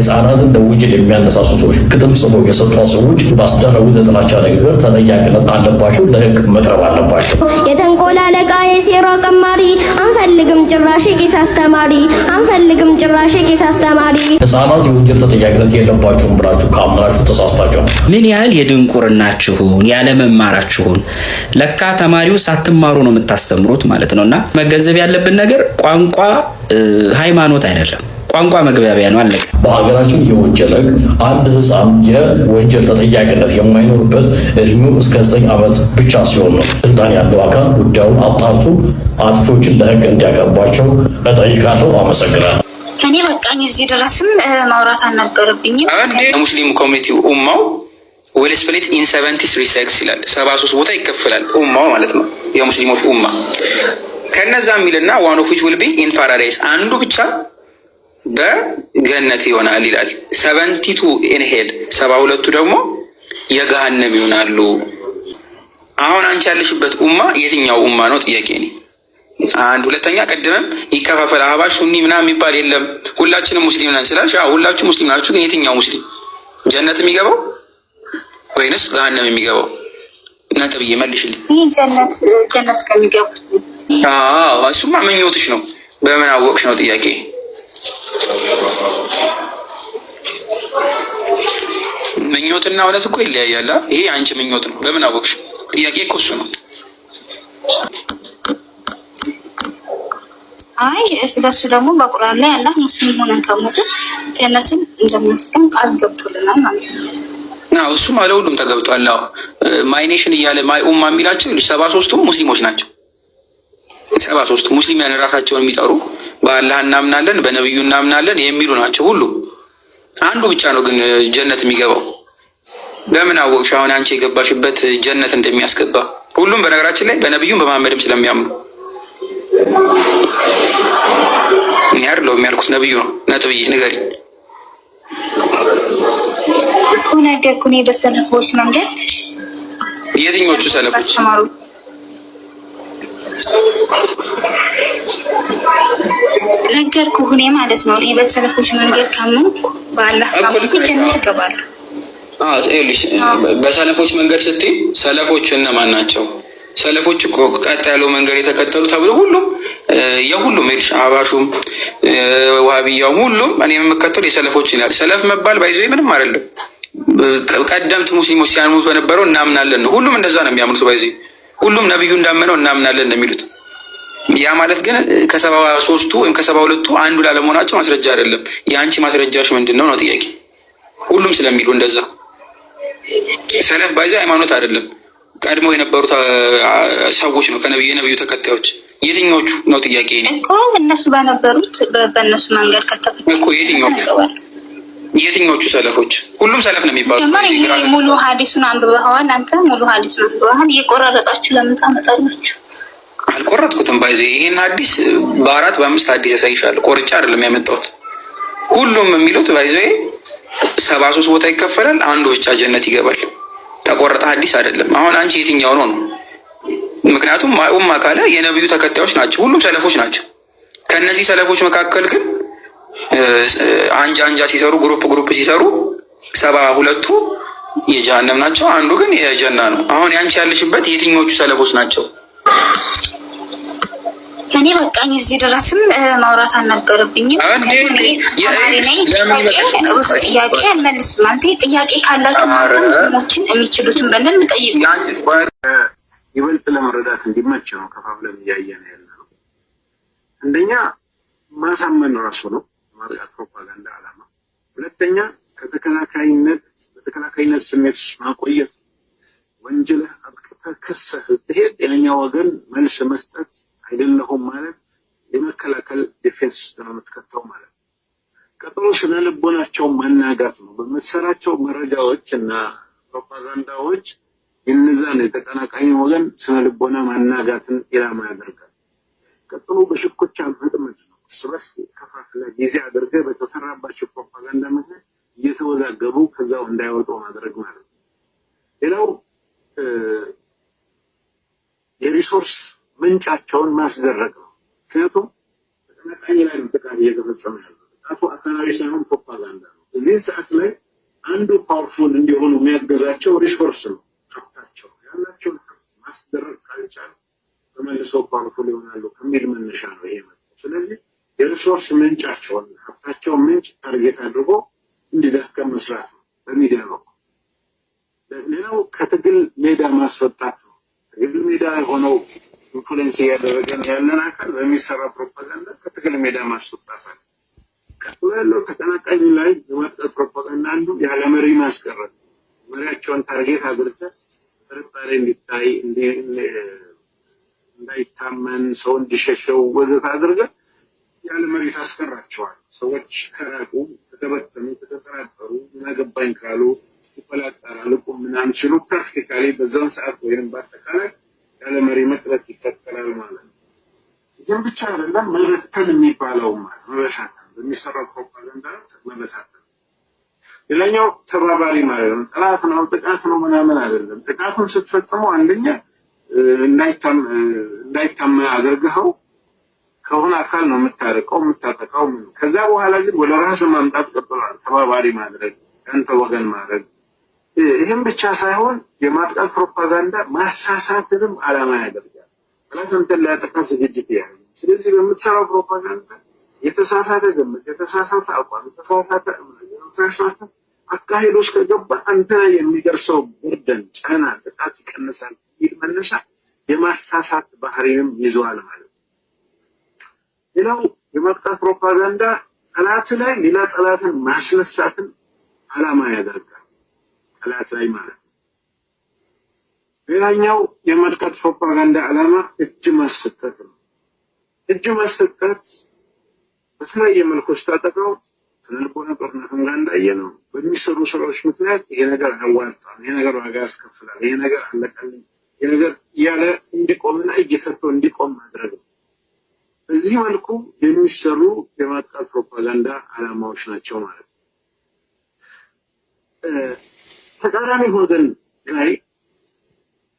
ህጻናትን ለወንጀል የሚያነሳሱ ሰዎች ግጥም ጽፈው የሰጧት ሰዎች ባስደረጉት የጥላቻ ንግግር ተጠያቂነት አለባቸው፣ ለህግ መቅረብ አለባቸው። የተንኮል አለቃ፣ የሴራ ቀማሪ አንፈልግም ጭራሽ ቄስ አስተማሪ አንፈልግም ጭራሽ ቄስ አስተማሪ። ህጻናት የወንጀል ተጠያቂነት የለባቸውም ብላችሁ ከአምናችሁ ተሳስታችኋል። ምን ያህል የድንቁርናችሁን ያለመማራችሁን ለካ ተማሪው ሳትማሩ ነው የምታስተምሩት ማለት ነው። እና መገንዘብ ያለብን ነገር ቋንቋ ሃይማኖት አይደለም። ቋንቋ መግባቢያ ነው። አለቀ። በሀገራችን የወንጀል ሕግ አንድ ሕፃን የወንጀል ተጠያቂነት የማይኖርበት እድሜው እስከ ዘጠኝ ዓመት ብቻ ሲሆን ነው። ስልጣን ያለው አካል ጉዳዩን አጣርቶ አጥፊዎችን ለህግ እንዲያቀርቧቸው እጠይቃለሁ። አመሰግናለሁ። እኔ በቃኝ። እዚህ ድረስም ማውራት አልነበረብኝም። ሙስሊም ኮሚኒቲ ኡማው ዌል ስፕሊት ኢን ሰቨንቲ ስሪ ሴክስ ይላል። ሰባ ሶስት ቦታ ይከፍላል። ኡማው ማለት ነው የሙስሊሞች ኡማ ከነዛ የሚልና ዋን ኦፍ ዊች ዊል ቢ ኢን ፓራዳይስ አንዱ ብቻ በገነት ይሆናል ይላል። ሰቨንቲቱ ኢንሄል ሰባ ሁለቱ ደግሞ የገሃነም ይሆናሉ። አሁን አንቺ ያለሽበት ኡማ የትኛው ኡማ ነው? ጥያቄ እኔ አንድ ሁለተኛ፣ ቀድመም ይከፋፈል አህባሽ ሱኒ ምናምን የሚባል የለም ሁላችንም ሙስሊም ነን ስላልሽ፣ ሁላችሁ ሙስሊም ናችሁ። ግን የትኛው ሙስሊም ጀነት የሚገባው ወይንስ ገሃነም የሚገባው? እናንተ ብዬ መልሽልኝ። ጀነት ከሚገቡት እሱማ ምኞትሽ ነው። በምን አወቅሽ ነው ጥያቄ ምኞትና እውነት እኮ ይለያያል። ይሄ አንቺ ምኞት ነው። በምን አወቅሽ? ጥያቄ እኮ እሱ ነው። አይ ስለሱ ደግሞ በቁርአን ላይ አላህ ሙስሊም ሆነን ከሞትን ጀነትን እንደምትቀን ቃል ገብቶልናል ማለት ነው። አዎ እሱም አለ ሁሉም ተገብቷል። አዎ ማይኔሽን እያለ ማይ ኡማ የሚላቸው ልጅ ሰባ ሶስቱም ሙስሊሞች ናቸው። ሰባ ሶስቱ ሙስሊም ያን ራሳቸውን የሚጠሩ በአላህ እናምናለን በነብዩ እናምናለን የሚሉ ናቸው ሁሉ። አንዱ ብቻ ነው ግን ጀነት የሚገባው በምን አወቅሽ? አሁን አንቺ የገባሽበት ጀነት እንደሚያስገባ ሁሉም በነገራችን ላይ በነቢዩም በመሐመድም ስለሚያምኑ እኔ አይደለሁም የሚያልኩት ነቢዩ ነው። ነጥብዬ ንገሪ ነገርኩኔ። የትኞቹ ሰለፎች? ነገርኩህ እኔ ማለት ነው። በሰለፎች መንገድ ካመንኩ በአላህ ጀነት እገባለሁ በሰለፎች መንገድ ስትይ ሰለፎች እነማን ናቸው? ሰለፎች እኮ ቀጥ ያለው መንገድ የተከተሉ ተብሎ ሁሉም የሁሉም ሄድሽ አባሹም ዋሃብያውም ሁሉም እኔ የምከተሉ የሰለፎች ይላል። ሰለፍ መባል ባይዞ ምንም አይደለም። ቀደምት ሙስሊሞች ሲያምኑት በነበረው እናምናለን ነው። ሁሉም እንደዛ ነው የሚያምኑት። ባይዞ ሁሉም ነቢዩ እንዳመነው እናምናለን ነው የሚሉት። ያ ማለት ግን ከሰባ ሶስቱ ወይም ከሰባ ሁለቱ አንዱ ላለመሆናቸው ማስረጃ አይደለም። የአንቺ ማስረጃዎች ምንድን ነው ነው ጥያቄ። ሁሉም ስለሚሉ እንደዛ ሰለፍ ባይዘ ሃይማኖት አይደለም ቀድሞ የነበሩት ሰዎች ነው የነብዩ ተከታዮች የትኞቹ ነው ጥያቄ እኮ እነሱ በነበሩት በእነሱ መንገድ እኮ የትኞቹ የትኞቹ ሰለፎች ሁሉም ሰለፍ ነው የሚባሉ ሙሉ ሀዲሱን አንብበኸዋል አንተ ሙሉ ሀዲሱን አንብበሃል እየቆራረጣችሁ ለምን ታመጣላችሁ አልቆረጥኩትም ባይዘ ይሄን ሀዲስ በአራት በአምስት ሀዲስ ያሳይሻል ቆርጫ አይደለም ያመጣሁት ሁሉም የሚሉት ባይዘ ሰባ ሶስት ቦታ ይከፈላል፣ አንዱ ብቻ ጀነት ይገባል። ተቆረጠ ሀዲስ አይደለም። አሁን አንቺ የትኛው ነው ነው? ምክንያቱም ኡማ ካለ የነቢዩ ተከታዮች ናቸው፣ ሁሉም ሰለፎች ናቸው። ከእነዚህ ሰለፎች መካከል ግን አንጃ አንጃ ሲሰሩ ግሩፕ ግሩፕ ሲሰሩ ሰባ ሁለቱ የጀሃነም ናቸው፣ አንዱ ግን የጀና ነው። አሁን ያንቺ ያለሽበት የትኞቹ ሰለፎች ናቸው? እኔ በቃ እዚህ ድረስም ማውራት አልነበረብኝም። ጥያቄ አልመልስም። አንተ ጥያቄ ካላችሁ ማለትም ስሞችን የሚችሉትን በለን ምጠይቅ ይበልጥ ለመረዳት እንዲመች ነው ከፋፍለን እያየን ያለ ነው። አንደኛ ማሳመን ራሱ ነው ማርቃት ፕሮፓጋንዳ ዓላማ። ሁለተኛ ከተከላካይነት በተከላካይነት ስሜት ውስጥ ማቆየት ወንጀል አብቅተ ክሰህ ብትሄድ ሌላኛው ወገን መልስ መስጠት አይደለሁም ማለት የመከላከል ዲፌንስ ውስጥ ነው የምትከተው ማለት ነው። ቀጥሎ ስነ ማናጋት ነው። በምትሰራቸው መረጃዎች እና ፕሮፓጋንዳዎች የነዛን የተቀናቃኝ ወገን ስነ ልቦና ማናጋትን ኢላማ ያደርጋል። ቀጥሎ በሽኩቻ መጥመድ ነው። እርስ በርስ ከፋፍለ ጊዜ አድርገ በተሰራባቸው ፕሮፓጋንዳ ምክንያት እየተወዛገቡ ከዛው እንዳይወጡ ማድረግ ማለት ነው። ሌላው የሪሶርስ ምንጫቸውን ማስደረግ ነው። ምክንያቱም ተቀናቃኝ ላይ ነው ጥቃት እየተፈጸመ ያለው። ጥቃቱ አካላዊ ሳይሆን ፕሮፓጋንዳ ነው። እዚህ ሰዓት ላይ አንዱ ፓወርፉል እንዲሆኑ የሚያገዛቸው ሪሶርስ ነው፣ ሀብታቸው። ያላቸውን ሀብት ማስደረግ ካልቻሉ በመልሰው ፓወርፉል ይሆናሉ ከሚል መነሻ ነው ይሄ መጣ። ስለዚህ የሪሶርስ ምንጫቸውን ሀብታቸውን ምንጭ ታርጌት አድርጎ እንዲዳከም መስራት ነው በሚዲያ በኩል። ሌላው ከትግል ሜዳ ማስወጣት ነው። ትግል ሜዳ የሆነው ኢንፍሉዌንስ እያደረገን ያለን አካል በሚሰራ ፕሮፓጋንዳ ከትግል ሜዳ ማስወጣታል። ቀጥሎ ያለው ተቀናቃኝ ላይ የመጠጥ ፕሮፓጋንዳ አንዱ ያለ መሪ ማስቀረት፣ መሪያቸውን ታርጌት አድርገህ ጥርጣሬ እንዲታይ እንዳይታመን ሰው እንዲሸሸው ወዘት አድርገህ ያለ መሪ ታስቀራቸዋል። ሰዎች ከራቁ፣ ከተበተኑ፣ ከተጠራጠሩ ምናገባኝ ካሉ ሲቆላጠራ ልቁ ምናምን ሲሉ ፕራክቲካሊ በዛን ሰዓት ወይም በአጠቃላይ ያለ መሪ መቅረት ይከተላል ማለት ነው። ይህም ብቻ አይደለም መበተን የሚባለው ማለት መበታተን በሚሰራው ፕሮፓጋንዳ መበታተን ሌላኛው ተባባሪ ማለት ነው። ጥላት ነው፣ ጥቃት ነው ምናምን አይደለም። ጥቃቱን ስትፈጽመው አንደኛ እንዳይታመን አድርገኸው ከሆነ አካል ነው የምታርቀው የምታጠቃው። ከዛ በኋላ ግን ወደ ራስ ማምጣት ቀጥሏል። ተባባሪ ማድረግ፣ ያንተ ወገን ማድረግ ይህም ብቻ ሳይሆን የማጥቃት ፕሮፓጋንዳ ማሳሳትንም አላማ ያደርጋል። ጠላት አንተን ሊያጠቃ ዝግጅት ያ ስለዚህ በምትሰራው ፕሮፓጋንዳ የተሳሳተ ግምት፣ የተሳሳተ አቋም፣ የተሳሳተ እምነት፣ የተሳሳተ አካሄዶች ከገባ አንተ ላይ የሚደርሰው ብርደን፣ ጫና፣ ጥቃት ይቀንሳል የሚል መነሻ የማሳሳት ባህሪንም ይዘዋል ማለት ነው። ሌላው የማጥቃት ፕሮፓጋንዳ ጠላት ላይ ሌላ ጠላትን ማስነሳትን አላማ ያደርጋል። ጠላት ላይ ማለት ነው። ሌላኛው የመጥቀት ፕሮፓጋንዳ ዓላማ እጅ ማሰጠት ነው። እጅ ማሰጠት በተለያየ መልኩ ስታጠቀው ስነልቦና ጦርነትም ጋር ነው። በሚሰሩ ስራዎች ምክንያት ይሄ ነገር አያዋጣም፣ ይሄ ነገር ዋጋ ያስከፍላል፣ ይሄ ነገር አለቀልኝ፣ ይሄ ነገር እያለ እንዲቆምና እጅ ሰጥቶ እንዲቆም ማድረግ ነው። በዚህ መልኩ የሚሰሩ የማጥቃት ፕሮፓጋንዳ ዓላማዎች ናቸው ማለት ነው። ተቃራኒ ወገን ላይ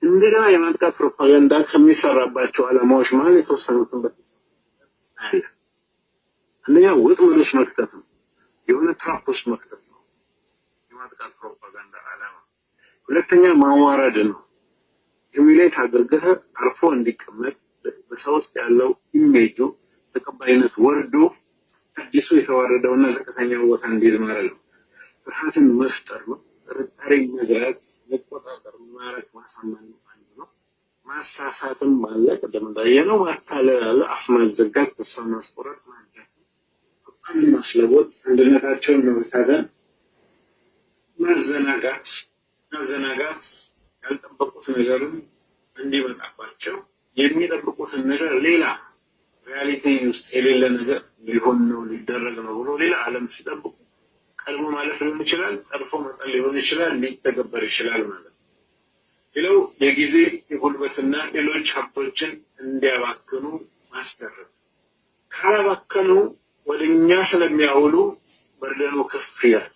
እንደገና የማጥቃት ፕሮፓጋንዳ ከሚሰራባቸው አላማዎች መሀል የተወሰኑትን በፊት አንደኛ ወጥመድ ውስጥ መክተት ነው። የሆነ ትራፕ ውስጥ መክተት ነው የማጥቃት ፕሮፓጋንዳ አላማ ሁለተኛ ማዋረድ ነው። ኢሚሌት አድርገህ አርፎ እንዲቀመጥ በሰው ውስጥ ያለው ኢሜጁ ተቀባይነት ወርዶ አዲሱ የተዋረደውና ዝቅተኛው ቦታ እንዲይዝ ማድረግ ነው። ፍርሃትን መፍጠር ነው። ጥርጣሬ መዝራት፣ መቆጣጠር፣ ማረግ፣ ማሳመን አንዱ ነው። ማሳሳትም አለ። ቅድም እንዳየነው ማታለል፣ አፍ ማዘጋት፣ ተስፋ ማስቆረጥ፣ ማዳት፣ አቋምን ማስለወጥ፣ አንድነታቸውን መበታተን፣ ማዘናጋት ማዘናጋት ያልጠበቁት ነገርም እንዲመጣባቸው የሚጠብቁትን ነገር ሌላ ሪያሊቲ ውስጥ የሌለ ነገር ሊሆን ነው ሊደረግ ነው ብሎ ሌላ ዓለም ሲጠብቁ ቀድሞ ማለፍ ሊሆን ይችላል፣ ጠልፎ መጣል ሊሆን ይችላል፣ ሊተገበር ይችላል ማለት ነው። ሌላው የጊዜ የጉልበትና ሌሎች ሀብቶችን እንዲያባክኑ ማስደረግ ካላባከኑ ወደ እኛ ስለሚያውሉ በርደኑ ከፍ ይላል።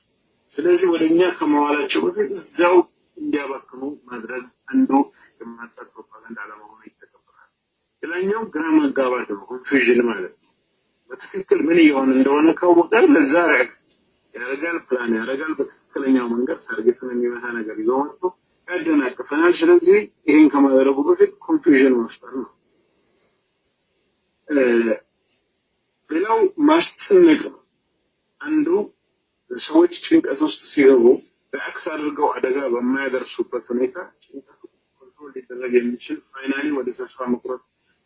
ስለዚህ ወደ እኛ ከመዋላቸው በፊት እዚያው እንዲያባክኑ ማድረግ አንዱ የማጠቅ ፕሮፓጋንዳ አለመሆኑ ይተገበራል። ሌላኛው ግራ መጋባት ነው፣ ኮንፊውዥን ማለት ነው። በትክክል ምን እየሆነ እንደሆነ ካወቀ ለዛ ያደርጋል፣ ፕላን ያደርጋል። በትክክለኛው መንገድ ታርጌትን የሚመታ ነገር ይዞ መጥቶ ያደናቅፈናል። ስለዚህ ይህን ከማድረጉ በፊት ኮንፊውዥን መፍጠር ነው። ሌላው ማስጨነቅ ነው። አንዱ ሰዎች ጭንቀት ውስጥ ሲገቡ ሪአክት አድርገው አደጋ በማያደርሱበት ሁኔታ ጭንቀቱ ኮንትሮል ሊደረግ የሚችል ፋይናሊ ወደ ተስፋ መቁረጥ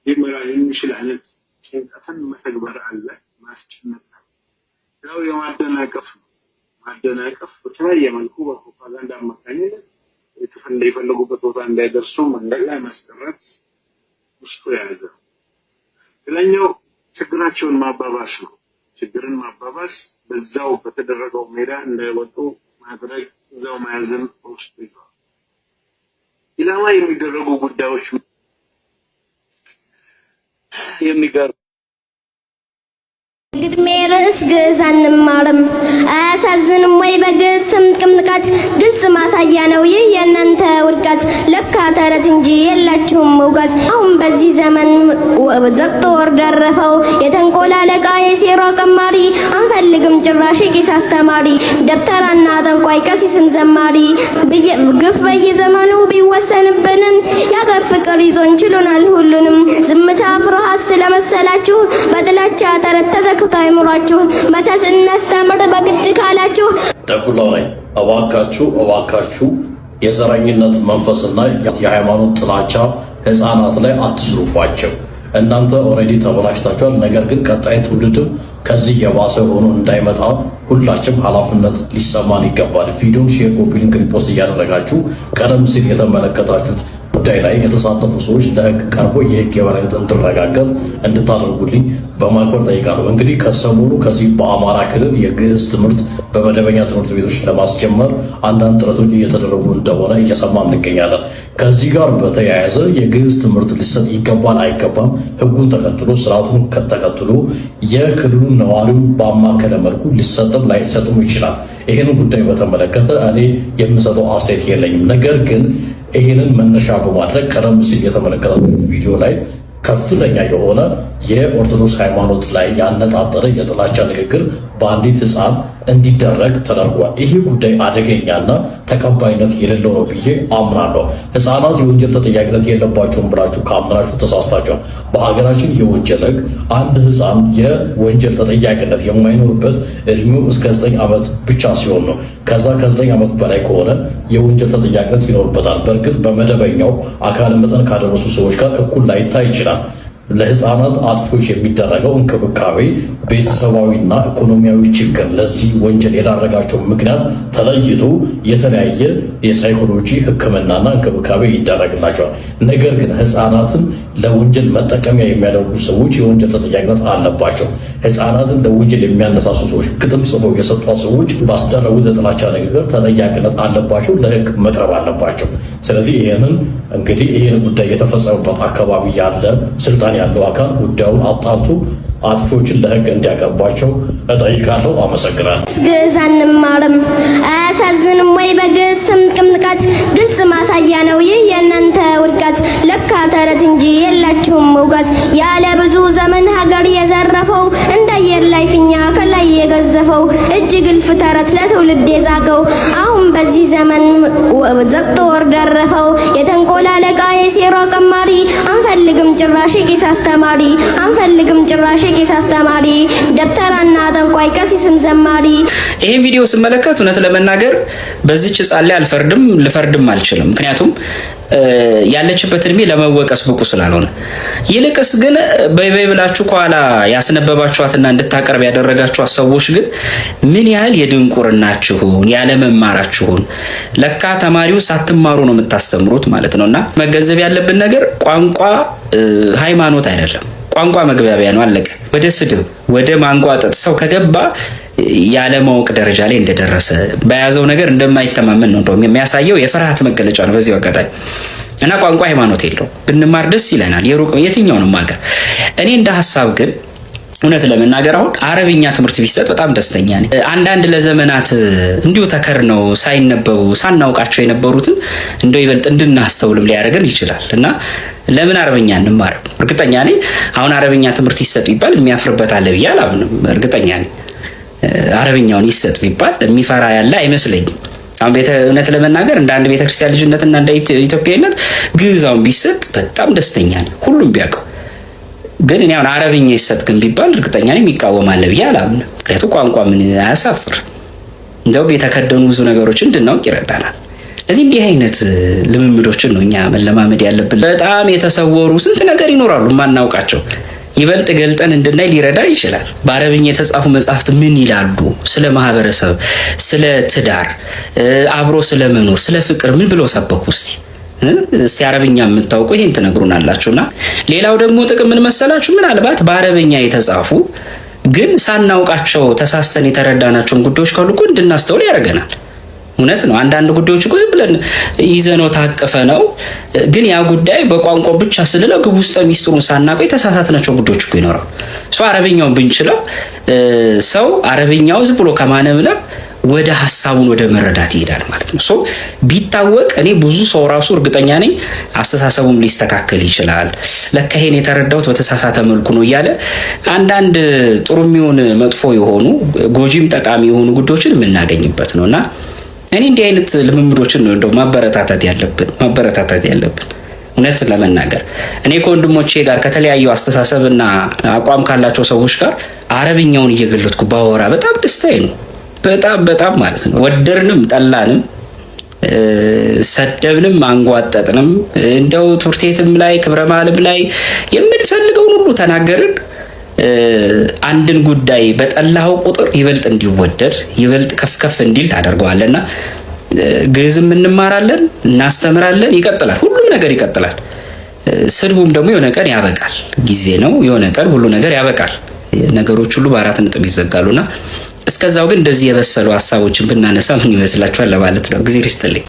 ሊመራ የሚችል አይነት ጭንቀትን መተግበር አለ ማስጨነቅ ያው የማደናቀፍ ማደናቀፍ በተለያየ መልኩ በፕሮፓጋንዳ አማካኝነት የፈለጉበት ቦታ እንዳይደርሱ መንገድ ላይ ማስቀረት ውስጡ የያዘ ሌላኛው ችግራቸውን ማባባስ ነው። ችግርን ማባባስ በዛው በተደረገው ሜዳ እንዳይወጡ ማድረግ እዛው መያዝም በውስጡ ይዘዋል። ኢላማ የሚደረጉ ጉዳዮች የሚገርም ርዕስ ግዕዝ አንማርም። አያሳዝንም ወይ? በግዕዝ ስም ግልጽ ማሳያ ነው ይህ የእናንተ ውድቀት። ለካ ተረት እንጂ የላችሁም እውቀት አሁን በዚህ ቅርብ ዘግቶ ወርድ አረፈው። የተንኮል አለቃ የሴራ ቀማሪ አንፈልግም ጭራሽ ቄስ አስተማሪ ደብተራና ጠንቋይ ቀሲስም ዘማሪ ግፍ በየዘመኑ ቢወሰንብንም የአገር ፍቅር ይዞን ችሎናል ሁሉንም ዝምታ ፍርሃት ስለመሰላችሁ በጥላቻ ተረት ተዘክቶ አይምሯችሁ መተት እናስተምር በግድ ካላችሁ ደጉላው ላይ እባካችሁ እባካችሁ የዘረኝነት መንፈስና የሃይማኖት ጥላቻ ህፃናት ላይ አትስሩባቸው። እናንተ ኦልሬዲ ተበላሽታችኋል። ነገር ግን ቀጣይ ትውልድም ከዚህ የባሰ ሆኖ እንዳይመጣ ሁላችም ኃላፊነት ሊሰማን ይገባል። ቪዲዮን ሼር፣ ኮፒ ሊንክ፣ ሪፖስት እያደረጋችሁ ቀደም ሲል የተመለከታችሁት ጉዳይ ላይ የተሳተፉ ሰዎች ለህግ ቀርቦ የህግ የበላይነት እንዲረጋገጥ እንድታደርጉልኝ በማክበር ጠይቃለሁ። እንግዲህ ከሰሞኑ ከዚህ በአማራ ክልል የግዕዝ ትምህርት በመደበኛ ትምህርት ቤቶች ለማስጀመር አንዳንድ ጥረቶች እየተደረጉ እንደሆነ እየሰማ እንገኛለን። ከዚህ ጋር በተያያዘ የግዕዝ ትምህርት ሊሰጥ ይገባል አይገባም፣ ህጉን ተከትሎ ስርዓቱን ተከትሎ የክልሉን ነዋሪው ባማከለ መልኩ ሊሰጥም ላይሰጥም ይችላል። ይህን ጉዳይ በተመለከተ እኔ የምሰጠው አስተያየት የለኝም። ነገር ግን ይህንን መነሻ በማድረግ ቀደም ሲል የተመለከታችሁት ቪዲዮ ላይ ከፍተኛ የሆነ የኦርቶዶክስ ሃይማኖት ላይ ያነጣጠረ የጥላቻ ንግግር በአንዲት ህፃን እንዲደረግ ተደርጓል። ይሄ ጉዳይ አደገኛና ተቀባይነት የሌለው ነው ብዬ አምናለሁ። ህፃናት የወንጀል ተጠያቂነት የለባቸውም ብላችሁ ከአምናችሁ ተሳስታችኋል። በሀገራችን የወንጀል ህግ አንድ ህፃን የወንጀል ተጠያቂነት የማይኖርበት እድሜው እስከ ዘጠኝ ዓመት ብቻ ሲሆን ነው። ከዛ ከዘጠኝ ዓመት በላይ ከሆነ የወንጀል ተጠያቂነት ይኖርበታል። በእርግጥ በመደበኛው አካለ መጠን ካደረሱ ሰዎች ጋር እኩል ላይታይ ይችላል። ለህፃናት አጥፎች የሚደረገው እንክብካቤ ቤተሰባዊና ኢኮኖሚያዊ ችግር ለዚህ ወንጀል የዳረጋቸው ምክንያት ተለይቶ የተለያየ የሳይኮሎጂ ሕክምናና እንክብካቤ ይደረግላቸዋል። ነገር ግን ህፃናትን ለወንጀል መጠቀሚያ የሚያደርጉ ሰዎች የወንጀል ተጠያቂነት አለባቸው። ህፃናትን ለወንጀል የሚያነሳሱ ሰዎች፣ ግጥም ጽፈው የሰጧት ሰዎች ባስደረጉት የጥላቻ ንግግር ተጠያቂነት አለባቸው፣ ለህግ መቅረብ አለባቸው። ስለዚህ ይህንን እንግዲህ ይህን ጉዳይ የተፈጸመበት አካባቢ ያለ ስልጣን ያለው አካል ጉዳዩን አጣርቶ አጥፎችን ለህግ እንዲያቀርባቸው እጠይቃለሁ። አመሰግናለሁ። ግዕዝ አንማርም አያሳዝንም ወይ? በግዕዝ ስም ግልጽ ማሳያ ነው ይህ የእናንተ ውድቀት። ለካ ተረት እንጂ የላችሁም እውቀት። ያለ ብዙ ዘመን ሀገር የዘረፈው እንደ አየር ላይ የገዘፈው እጅ እልፍ ተረት ለትውልድ የዛገው አሁን በዚህ ዘመን ዘግቶ ወር ደረፈው የተንኮል አለቃ ቀማሪ አንፈልግም ጭራሽ ቄስ አስተማሪ አንፈልግም ጭራሽ ቄስ አስተማሪ ደብተራና ጠንቋይ ቀሲስም ዘማሪ። ይህን ቪዲዮ ስመለከት እውነት ለመናገር በዚች ህጻን ላይ አልፈርድም ልፈርድም አልችልም ምክንያቱም ያለችበት እድሜ ለመወቀስ ብቁ ስላልሆነ፣ ይልቅስ ግን በይ ብላችሁ ከኋላ ያስነበባችኋትና እንድታቀርብ ያደረጋችኋት ሰዎች ግን ምን ያህል የድንቁርናችሁን ያለመማራችሁን ለካ ተማሪው ሳትማሩ ነው የምታስተምሩት ማለት ነው። እና መገንዘብ ያለብን ነገር ቋንቋ ሃይማኖት አይደለም። ቋንቋ መግባቢያ ነው። አለቀ። ወደ ስድብ ወደ ማንጓጠጥ ሰው ከገባ ያለማወቅ ደረጃ ላይ እንደደረሰ በያዘው ነገር እንደማይተማመን ነው። እንደውም የሚያሳየው የፍርሃት መገለጫ ነው። በዚህ አጋጣሚ እና ቋንቋ ሃይማኖት የለው ብንማር ደስ ይለናል። የሩቅ የትኛውንም ሀገር እኔ እንደ ሀሳብ ግን እውነት ለመናገር አሁን አረብኛ ትምህርት ቢሰጥ በጣም ደስተኛ ነኝ። አንዳንድ ለዘመናት እንዲሁ ተከር ነው ሳይነበቡ ሳናውቃቸው የነበሩትን እንደው ይበልጥ እንድናስተውልም ሊያደርገን ይችላል እና ለምን አረብኛ እንማር? እርግጠኛ ነኝ አሁን አረብኛ ትምህርት ይሰጥ ይባል የሚያፍርበት አለ ብዬ አላምንም። እርግጠኛ ነኝ አረብኛውን ይሰጥ ቢባል የሚፈራ ያለ አይመስለኝም። አሁን ቤተ እውነት ለመናገር እንደ አንድ ቤተክርስቲያን ልጅነትና እንደ ኢትዮጵያዊነት ግዕዛውን ቢሰጥ በጣም ደስተኛ ነኝ፣ ሁሉም ቢያውቀው። ግን እኔ አሁን አረብኛ ይሰጥ ግን ቢባል እርግጠኛ ነኝ የሚቃወማለ ብዬ አላምንም። ምክንያቱም ቋንቋ ምን አያሳፍር፣ እንደውም የተከደኑ ብዙ ነገሮች እንድናውቅ ይረዳናል። ለዚህ እንዲህ አይነት ልምምዶችን ነው እኛ መለማመድ ያለብን። በጣም የተሰወሩ ስንት ነገር ይኖራሉ የማናውቃቸው ይበልጥ ገልጠን እንድናይ ሊረዳ ይችላል። በአረብኛ የተጻፉ መጽሐፍት ምን ይላሉ? ስለ ማህበረሰብ፣ ስለ ትዳር፣ አብሮ ስለ መኖር፣ ስለ ፍቅር ምን ብለው ሰበኩ? ውስቲ እስቲ አረብኛ የምታውቁ ይህን ትነግሩናላችሁና። ሌላው ደግሞ ጥቅም ምን መሰላችሁ? ምናልባት በአረብኛ የተጻፉ ግን ሳናውቃቸው ተሳስተን የተረዳናቸውን ጉዳዮች ካሉ እኮ እንድናስተውል ያደርገናል። እውነት ነው። አንዳንድ ጉዳዮች እኮ ዝም ብለን ይዘነው ታቀፈ ነው፣ ግን ያ ጉዳይ በቋንቋ ብቻ ስንለው ግብ ውስጥ ሚስጥሩን ሳናውቀው የተሳሳትናቸው ጉዳዮች እኮ ይኖራል። ሰው አረብኛውን ብንችለው ሰው አረብኛው ዝም ብሎ ከማነምለም ወደ ሀሳቡን ወደ መረዳት ይሄዳል ማለት ነው። ቢታወቅ እኔ ብዙ ሰው ራሱ እርግጠኛ ነኝ አስተሳሰቡም ሊስተካከል ይችላል። ለካ ይሄን የተረዳሁት በተሳሳተ መልኩ ነው እያለ አንዳንድ ጥሩ የሚሆን መጥፎ የሆኑ ጎጂም ጠቃሚ የሆኑ ጉዳዮችን የምናገኝበት ነው እና እኔ እንዲህ አይነት ልምምዶችን ነው እንደው ማበረታታት ያለብን ማበረታታት ያለብን እውነት ለመናገር እኔ ከወንድሞቼ ጋር ከተለያዩ አስተሳሰብና አቋም ካላቸው ሰዎች ጋር አረብኛውን እየገለጥኩ ባወራ በጣም ደስታዬ ነው። በጣም በጣም ማለት ነው። ወደርንም ጠላንም ሰደብንም አንጓጠጥንም እንደው ቱርቴትም ላይ ክብረ በዓልም ላይ የምንፈልገውን ሁሉ ተናገርን። አንድን ጉዳይ በጠላኸው ቁጥር ይበልጥ እንዲወደድ ይበልጥ ከፍ እንዲል ታደርገዋለና እና ግዕዝም እንማራለን፣ እናስተምራለን። ይቀጥላል፣ ሁሉም ነገር ይቀጥላል። ስድቡም ደግሞ የሆነ ቀን ያበቃል። ጊዜ ነው። የሆነ ቀን ሁሉ ነገር ያበቃል። ነገሮች ሁሉ በአራት ነጥብ ይዘጋሉና እስከዛው ግን እንደዚህ የበሰሉ ሀሳቦችን ብናነሳ ምን ይመስላችኋል ለማለት ነው። ጊዜ ይስጥልኝ።